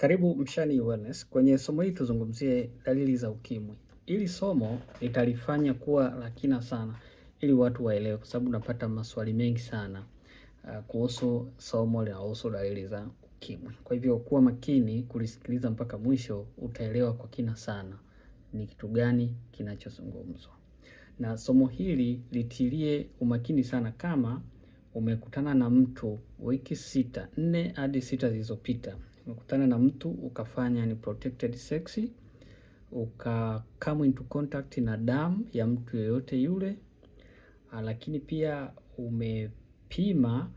Karibu Mshani Wellness. Kwenye somo hili tuzungumzie dalili za ukimwi. Ili somo litalifanya kuwa la kina sana ili watu waelewe, kwa sababu unapata maswali mengi sana uh, kuhusu somo linahusu dalili za ukimwi. Kwa hivyo kuwa makini kulisikiliza mpaka mwisho, utaelewa kwa kina sana ni kitu gani kinachozungumzwa, na somo hili litilie umakini sana. Kama umekutana na mtu wiki sita, nne hadi sita zilizopita umekutana na mtu ukafanya ni protected sex, uka come into contact na damu ya mtu yoyote yule, ah, lakini pia umepima,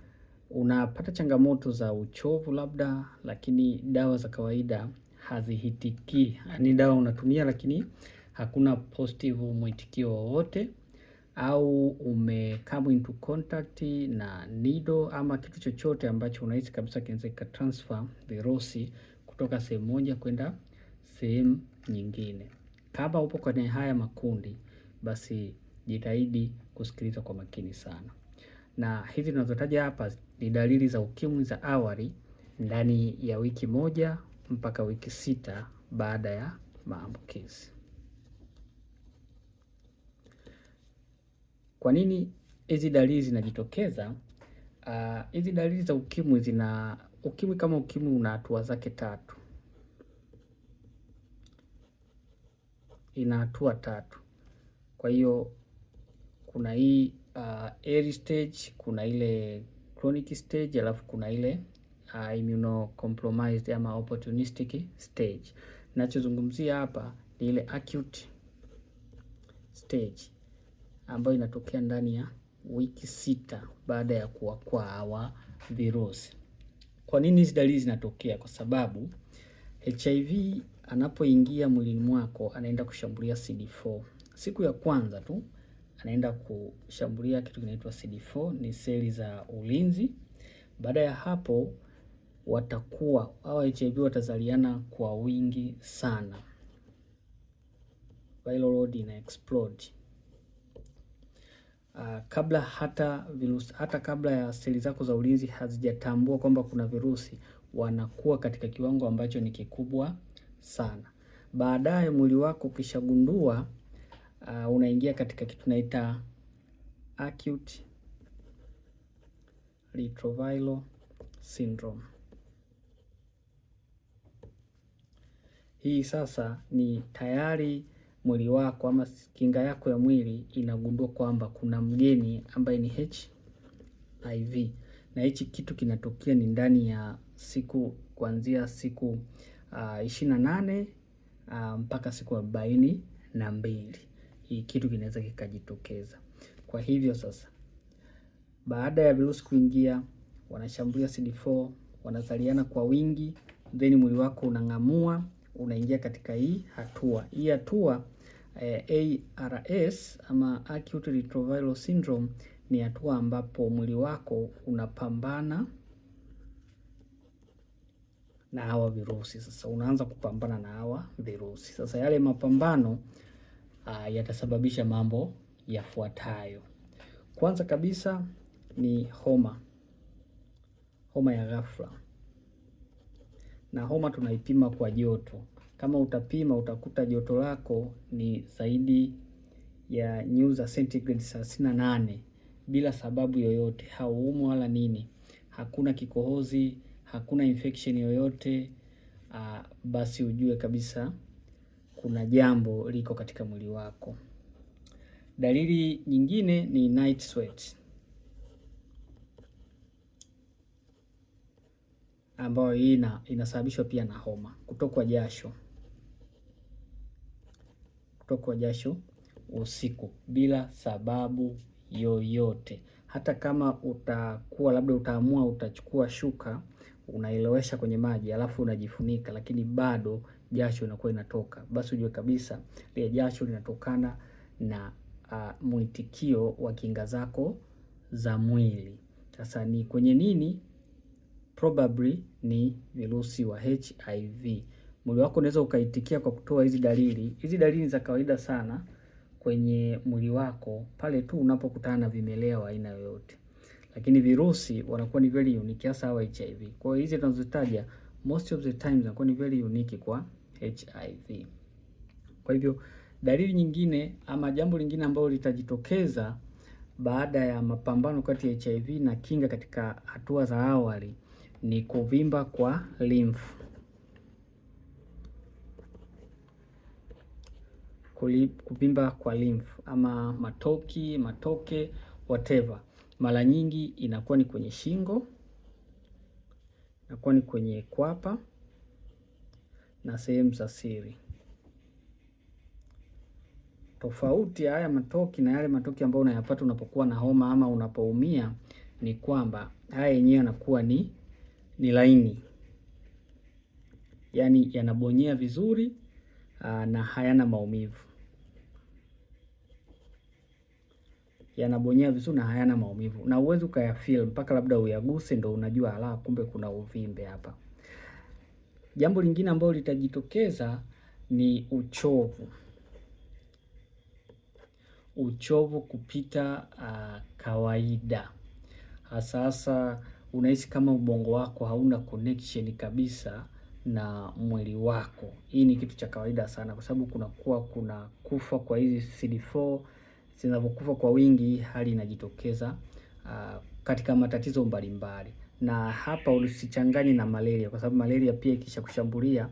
unapata changamoto za uchovu labda, lakini dawa za kawaida hazihitiki, ni dawa unatumia lakini hakuna positive mwitikio wowote au come into contact na nido ama kitu chochote ambacho unahisi kabisa kinaweza transfer virusi kutoka sehemu moja kwenda sehemu nyingine. Kama upo kwenye haya makundi, basi jitahidi kusikiliza kwa makini sana, na hizi tunazotaja hapa ni dalili za ukimwi za awali ndani ya wiki moja mpaka wiki sita baada ya maambukizi. Kwa nini hizi dalili zinajitokeza? Ah, hizi uh, dalili za ukimwi zina ukimwi, kama ukimwi una hatua zake tatu, ina hatua tatu. Kwa hiyo kuna hii uh, early stage, kuna ile chronic stage, alafu kuna ile uh, immunocompromised ama opportunistic stage. Nachozungumzia hapa ni ile acute stage ambayo inatokea ndani ya wiki sita baada ya kuwa kwa hawa virusi. Kwa nini hizi dalili zinatokea? Kwa sababu HIV anapoingia mwilini mwako anaenda kushambulia CD4. Siku ya kwanza tu anaenda kushambulia kitu kinaitwa CD4, ni seli za ulinzi. Baada ya hapo watakuwa hawa HIV watazaliana kwa wingi sana, viral load ina explode uh, kabla hata virusi, hata kabla ya seli zako za ulinzi hazijatambua kwamba kuna virusi, wanakuwa katika kiwango ambacho ni kikubwa sana. Baadaye mwili wako ukishagundua, uh, unaingia katika kitu tunaita acute retroviral syndrome. Hii sasa ni tayari mwili wako ama kinga yako ya mwili inagundua kwamba kuna mgeni ambaye ni HIV, na hichi kitu kinatokea ni ndani ya siku kuanzia siku ah, ishirini na nane uh, ah, mpaka siku arobaini na mbili hii kitu kinaweza kikajitokeza. Kwa hivyo sasa, baada ya virusi kuingia, wanashambulia CD4, wanazaliana kwa wingi, then mwili wako unang'amua, unaingia katika hii hatua. Hii hatua eh, ARS ama acute retroviral syndrome ni hatua ambapo mwili wako unapambana na hawa virusi. Sasa unaanza kupambana na hawa virusi. Sasa yale mapambano uh, yatasababisha mambo yafuatayo. Kwanza kabisa ni homa, homa ya ghafla, na homa tunaipima kwa joto. Kama utapima utakuta joto lako ni zaidi ya nyuzi za sentigredi thelathini na nane bila sababu yoyote, hauumwa wala nini, hakuna kikohozi, hakuna infection yoyote, uh, basi ujue kabisa kuna jambo liko katika mwili wako. Dalili nyingine ni night sweat ambayo hii ina, inasababishwa pia na homa, kutokwa jasho kutokwa jasho usiku bila sababu yoyote. Hata kama utakuwa labda utaamua utachukua shuka unailowesha kwenye maji alafu unajifunika, lakini bado jasho inakuwa inatoka, basi ujue kabisa lile jasho linatokana na uh, mwitikio wa kinga zako za mwili. Sasa ni kwenye nini? Probably ni virusi wa HIV mwili wako unaweza ukaitikia kwa kutoa hizi dalili. Hizi dalili za kawaida sana kwenye mwili wako pale tu unapokutana na vimelea wa aina yoyote, lakini virusi wanakuwa ni very unique, hasa wa HIV. Kwa hiyo hizi tunazozitaja most of the times zinakuwa ni very unique kwa HIV. Kwa hivyo dalili nyingine ama jambo lingine ambalo litajitokeza baada ya mapambano kati ya HIV na kinga katika hatua za awali ni kuvimba kwa limfu. kuvimba kwa lymph ama matoki, matoke, whatever, mara nyingi inakuwa ni kwenye shingo, inakuwa ni kwenye kwapa na sehemu za siri. Tofauti ya haya matoki na yale matoki ambayo unayapata unapokuwa na homa ama unapoumia ni kwamba haya yenyewe yanakuwa ni ni laini, yaani yanabonyea vizuri aa, ah, na hayana maumivu. yanabonyea vizuri na hayana maumivu, na uwezi ukayafeel mpaka labda uyaguse ndo unajua ala, kumbe kuna uvimbe hapa. Jambo lingine ambalo litajitokeza ni uchovu, uchovu kupita uh, kawaida hasa hasa unahisi kama ubongo wako hauna connection kabisa na mwili wako. Hii ni kitu cha kawaida sana, kwa sababu kunakuwa kuna kufa kwa hizi CD4 zinavyokufa kwa wingi, hali inajitokeza uh, katika matatizo mbalimbali na hapa usichanganye na malaria, kwa sababu malaria pia ikisha kushambulia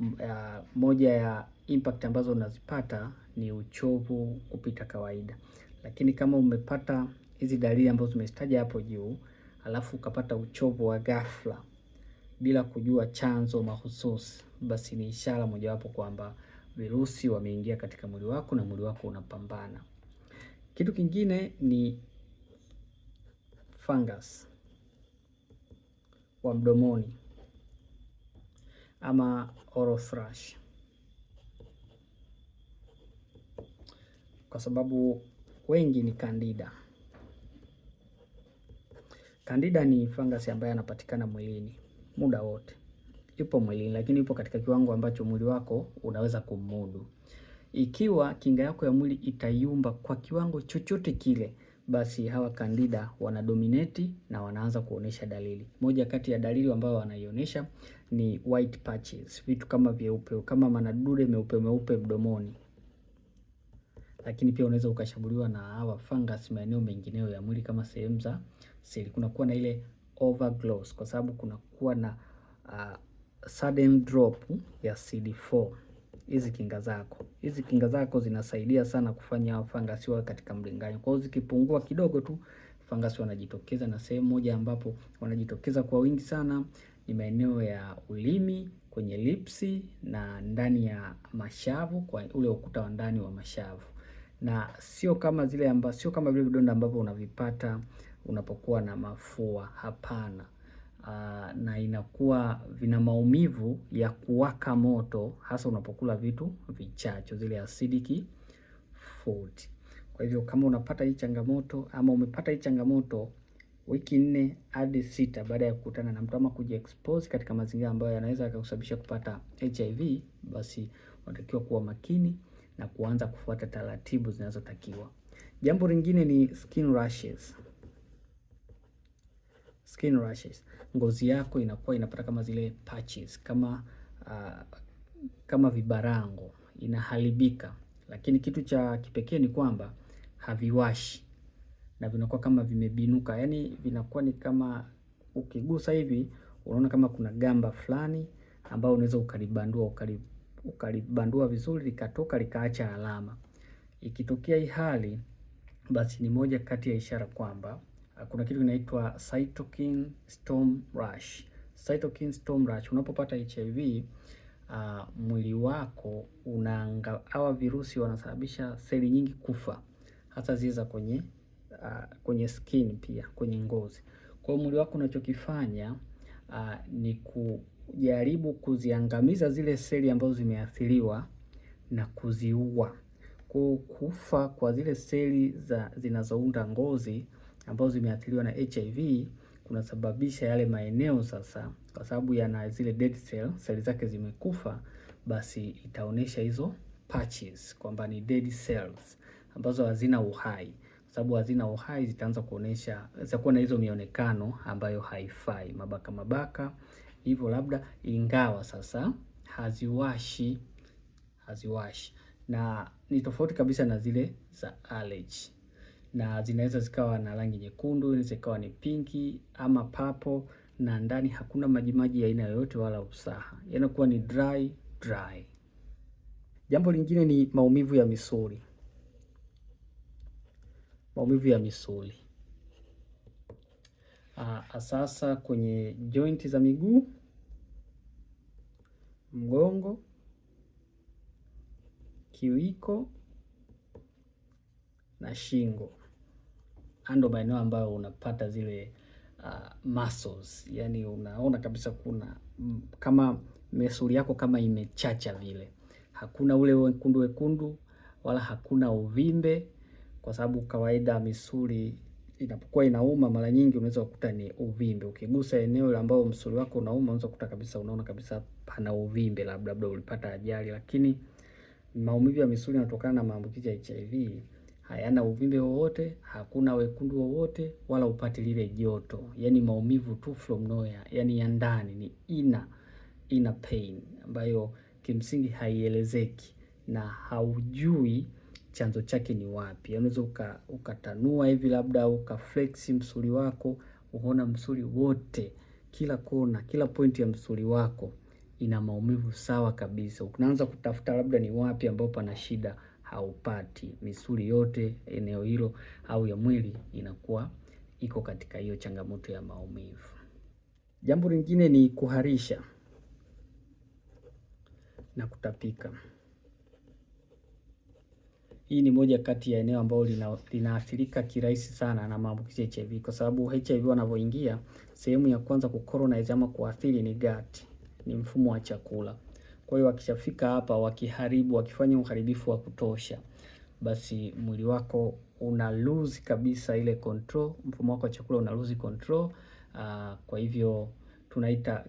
uh, moja ya impact ambazo unazipata ni uchovu kupita kawaida. Lakini kama umepata hizi dalili ambazo tumezitaja hapo juu, alafu ukapata uchovu wa ghafla bila kujua chanzo mahususi, basi ni ishara mojawapo kwamba virusi wameingia katika mwili wako na mwili wako unapambana. Kitu kingine ni fungus wa mdomoni ama oral thrush, kwa sababu wengi ni Candida. Candida ni fungus ambaye anapatikana mwilini muda wote, yupo mwilini, lakini yupo katika kiwango ambacho mwili wako unaweza kumudu. Ikiwa kinga yako ya mwili itayumba kwa kiwango chochote kile, basi hawa kandida wanadominate na wanaanza kuonesha dalili. Moja kati ya dalili ambayo wanaionyesha ni white patches, vitu kama vyeupe kama manadude meupe meupe mdomoni. Lakini pia unaweza ukashambuliwa na hawa fungus maeneo mengineo ya mwili kama sehemu za seli. Kunakuwa na ile overgloss kwa sababu kunakuwa na uh, sudden drop ya CD4 hizi kinga zako. Hizi kinga zako zinasaidia sana kufanya fangasi wawe katika mlinganyo. Kwa hiyo zikipungua kidogo tu fangasi wanajitokeza, na sehemu moja ambapo wanajitokeza kwa wingi sana ni maeneo ya ulimi, kwenye lipsi na ndani ya mashavu, kwa ule ukuta wa ndani wa mashavu, na sio kama zile amba, sio kama vile vidonda ambavyo unavipata unapokuwa na mafua. Hapana. Ah, na inakuwa vina maumivu ya kuwaka moto, hasa unapokula vitu vichacho, zile acidic food. Kwa hivyo kama unapata hii changamoto ama umepata hii changamoto wiki nne hadi sita baada ya kukutana na mtu ama kujiexpose katika mazingira ambayo yanaweza yakakusababisha kupata HIV, basi unatakiwa kuwa makini na kuanza kufuata taratibu zinazotakiwa. Jambo lingine ni skin rashes. Skin rashes ngozi yako inakuwa inapata kama zile patches, kama uh, kama vibarango inaharibika, lakini kitu cha kipekee ni kwamba haviwashi na vinakuwa kama vimebinuka, yani vinakuwa ni kama ukigusa hivi unaona kama kuna gamba fulani ambao unaweza ukalibandua ukalibandua vizuri likatoka likaacha alama. Ikitokea hii hali, basi ni moja kati ya ishara kwamba Ah, kuna kitu kinaitwa cytokine storm rash. Cytokine storm rash, unapopata HIV uh, ah, mwili wako unaanga, hawa virusi wanasababisha seli nyingi kufa, hasa zile za kwenye uh, kwenye skin pia kwenye ngozi. Kwa hiyo mwili wako unachokifanya uh, ni kujaribu kuziangamiza zile seli ambazo zimeathiriwa na kuziua. Kwa kufa kwa zile seli za zinazounda ngozi ambazo zimeathiriwa na HIV kunasababisha yale maeneo sasa, kwa sababu yana zile dead cell, seli zake zimekufa, basi itaonesha hizo patches kwamba ni dead cells ambazo hazina uhai sababu hazina uhai zitaanza kuonesha, zitakuwa na hizo mionekano ambayo haifai, mabaka mabaka hivyo labda, ingawa sasa haziwashi haziwashi, na ni tofauti kabisa na zile za allergy na zinaweza zikawa na rangi nyekundu, zikawa ni pinki ama papo, na ndani hakuna majimaji ya aina yoyote wala usaha, yanakuwa ni dry, dry. Jambo lingine ni maumivu ya misuli, maumivu ya misuli ah, sasa kwenye jointi za miguu, mgongo, kiwiko na shingo ndo maeneo ambayo unapata zile uh, muscles, yani unaona kabisa kuna mm, kama misuli yako kama imechacha vile, hakuna ule wekundu wekundu wala hakuna uvimbe, kwa sababu kawaida misuli inapokuwa inauma mara nyingi unaweza kukuta ni uvimbe. Ukigusa eneo ambao msuli wako unauma, unaweza kukuta kabisa, unaona kabisa pana uvimbe, labda labda ulipata ajali. Lakini maumivu ya misuli yanatokana na maambukizi ya HIV hayana uvimbe wowote, hakuna wekundu wowote, wala upati lile joto, yani maumivu tu from nowhere, yani ya ndani, ni ina ina pain ambayo kimsingi haielezeki na haujui chanzo chake ni wapi. Unaweza uka, ukatanua hivi labda ukaflex msuli wako uona msuli wote, kila kona, kila pointi ya msuli wako ina maumivu sawa kabisa. Unaanza kutafuta labda ni wapi ambao pana shida haupati. Misuli yote eneo hilo au ya mwili inakuwa iko katika hiyo changamoto ya maumivu. Jambo lingine ni kuharisha na kutapika. Hii ni moja kati ya eneo ambalo lina, linaathirika kirahisi sana na maambukizi ya HIV kwa sababu HIV wanavyoingia, sehemu ya kwanza kukoronize ama kuathiri ni gut, ni mfumo wa chakula. Kwa hiyo wakishafika hapa, wakiharibu, wakifanya uharibifu wa kutosha, basi mwili wako una lose kabisa ile control, mfumo wako wa chakula una lose control. Uh, kwa hivyo tunaita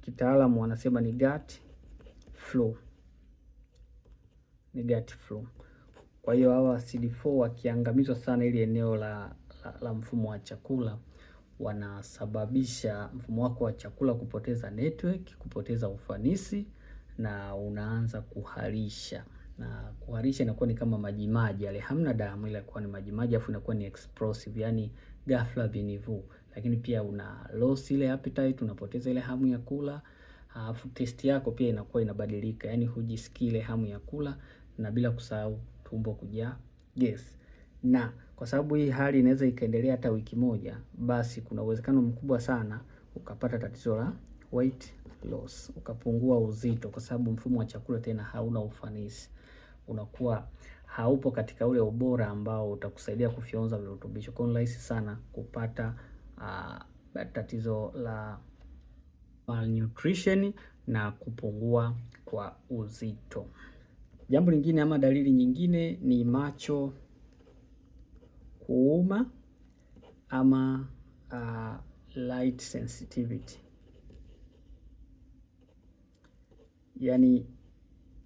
kitaalamu ki, ki, wanasema ni gut flu, ni gut flu. Kwa hiyo hawa CD4 wakiangamizwa sana ili eneo la, la, la mfumo wa chakula wanasababisha mfumo wako wa chakula kupoteza network, kupoteza ufanisi na unaanza kuharisha, na kuharisha inakuwa ni kama majimaji yale, hamna damu ile inakuwa ni majimaji, afu inakuwa ni explosive, yani ghafla binivu. Lakini pia una loss ile appetite, unapoteza ile hamu ya kula, afu testi yako pia inakuwa inabadilika, yani hujisikii ile hamu ya kula, na bila kusahau tumbo kujaa gesi na kwa sababu hii hali inaweza ikaendelea hata wiki moja, basi kuna uwezekano mkubwa sana ukapata tatizo la weight loss, ukapungua uzito, kwa sababu mfumo wa chakula tena hauna ufanisi, unakuwa haupo katika ule ubora ambao utakusaidia kufyonza virutubisho. Kwa hiyo rahisi sana kupata uh, tatizo la malnutrition na kupungua kwa uzito. Jambo lingine ama dalili nyingine ni macho kuuma ama uh, light sensitivity, yani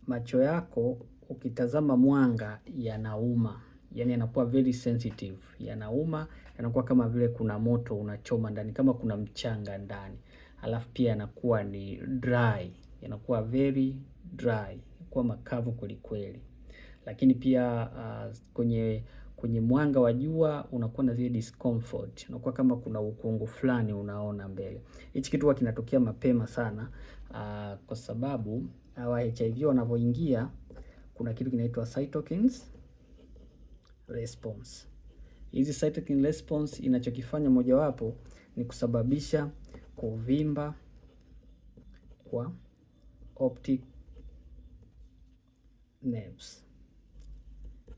macho yako ukitazama mwanga yanauma, yani yanakuwa very sensitive, yanauma, yanakuwa kama vile kuna moto unachoma ndani, kama kuna mchanga ndani, alafu pia yanakuwa ni dry, yanakuwa very dry, kuwa makavu kwelikweli, lakini pia uh, kwenye kwenye mwanga wa jua unakuwa na zile discomfort, unakuwa kama kuna ukungu fulani unaona mbele. Hichi kitu huwa kinatokea mapema sana aa, ah, kwa sababu hawa ah, HIV wanavyoingia kuna kitu kinaitwa cytokines response. Hizi cytokine response inachokifanya mojawapo ni kusababisha kuvimba kwa optic nerves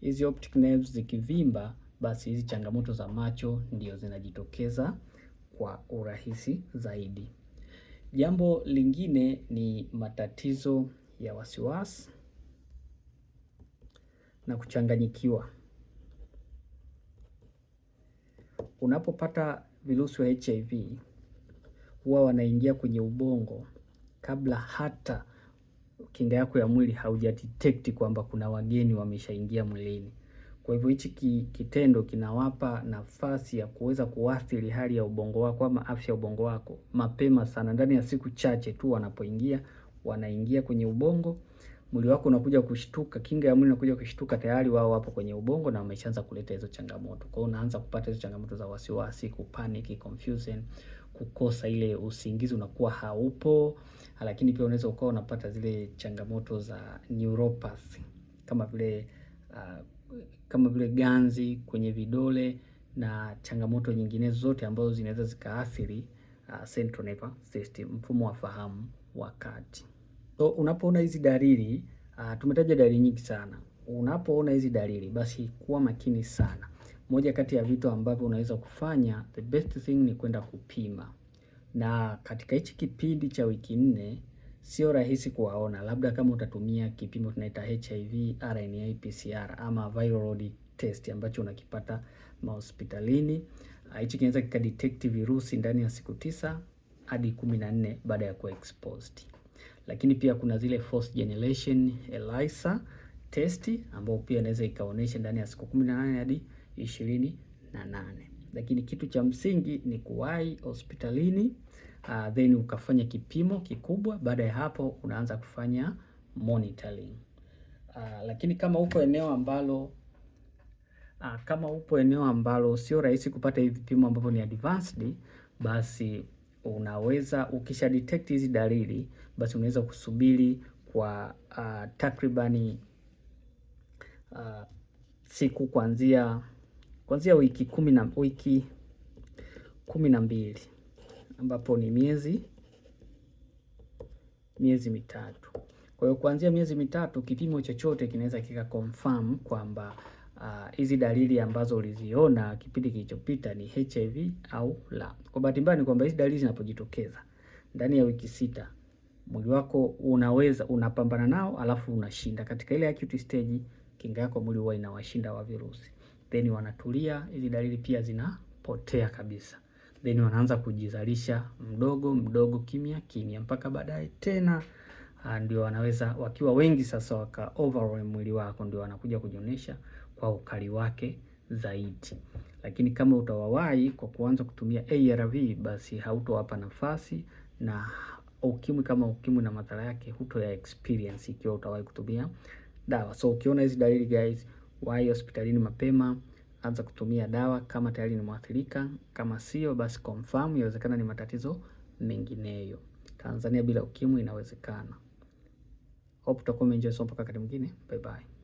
hizi optic nerves zikivimba, basi hizi changamoto za macho ndio zinajitokeza kwa urahisi zaidi. Jambo lingine ni matatizo ya wasiwasi na kuchanganyikiwa. Unapopata virusi wa HIV huwa wanaingia kwenye ubongo kabla hata kinga yako ya mwili haujadetect kwamba kuna wageni wameshaingia mwilini. Kwa hivyo hichi kitendo kinawapa nafasi ya kuweza kuathiri hali ya ubongo wako ama afya ya ubongo wako mapema sana, ndani ya siku chache tu wanapoingia, wanaingia kwenye ubongo, mwili wako unakuja kushtuka, kinga ya mwili inakuja kushtuka, tayari wao wapo kwenye ubongo na wameshaanza kuleta hizo changamoto. Kwa hiyo unaanza kupata hizo changamoto za wasiwasi, kupanic, confusion kukosa ile usingizi unakuwa haupo, lakini pia unaweza ukawa unapata zile changamoto za neuropathy kama vile uh, kama vile ganzi kwenye vidole na changamoto nyingine zote ambazo zinaweza zikaathiri uh, central nervous system, mfumo wa fahamu wa kati. So unapoona hizi dalili uh, tumetaja dalili nyingi sana. Unapoona hizi dalili basi kuwa makini sana moja kati ya vitu ambavyo unaweza kufanya, the best thing ni kwenda kupima. Na katika hichi kipindi cha wiki nne sio rahisi kuwaona, labda kama utatumia kipimo tunaita HIV RNA PCR ama viral load test ambacho unakipata mahospitalini. Ah, hichi kinaweza kikadetect virusi ndani ya siku tisa hadi kumi na nne baada ya kuwa exposed. Lakini pia kuna zile first generation ELISA testi ambayo pia inaweza ikaonyesha ndani ya siku 18 hadi ishirini na nane. Lakini kitu cha msingi ni kuwahi hospitalini, uh, then ukafanya kipimo kikubwa. Baada ya hapo unaanza kufanya monitoring. Uh, lakini kama uko eneo ambalo uh, kama upo eneo ambalo sio rahisi kupata hivi vipimo ambavyo ni advanced, basi unaweza ukisha detect hizi dalili, basi unaweza kusubiri kwa uh, takribani uh, siku kuanzia kuanzia wiki kumi na wiki kumi na mbili ambapo ni miezi miezi mitatu. Kwa hiyo kuanzia miezi mitatu kipimo chochote kinaweza kika confirm kwamba ah, hizi uh, dalili ambazo uliziona kipindi kilichopita ni HIV au la. Kwa bahati mbaya ni kwamba hizi dalili zinapojitokeza ndani ya wiki sita mwili wako unaweza unapambana nao alafu unashinda. Katika ile acute stage, kinga yako mwili huwa inawashinda wa virusi then wanatulia, hizi dalili pia zinapotea kabisa, then wanaanza kujizalisha mdogo mdogo, kimya kimya, mpaka baadaye tena ah, ndio wanaweza wakiwa wengi sasa, waka overwhelm mwili wako, ndio wanakuja kujionyesha kwa ukali wake zaidi. Lakini kama utawawai kwa kuanza kutumia ARV, basi hautowapa nafasi na ukimwi kama ukimwi na madhara yake huto ya experience ikiwa utawahi kutumia dawa. So ukiona hizi dalili guys Wahi hospitalini mapema, anza kutumia dawa kama tayari ni mwathirika. Kama sio, basi confirm, inawezekana ni matatizo mengineyo. Tanzania bila ukimwi inawezekana. Hope utakuwa umeenjoy somo. Mpaka wakati mwingine, bye bye.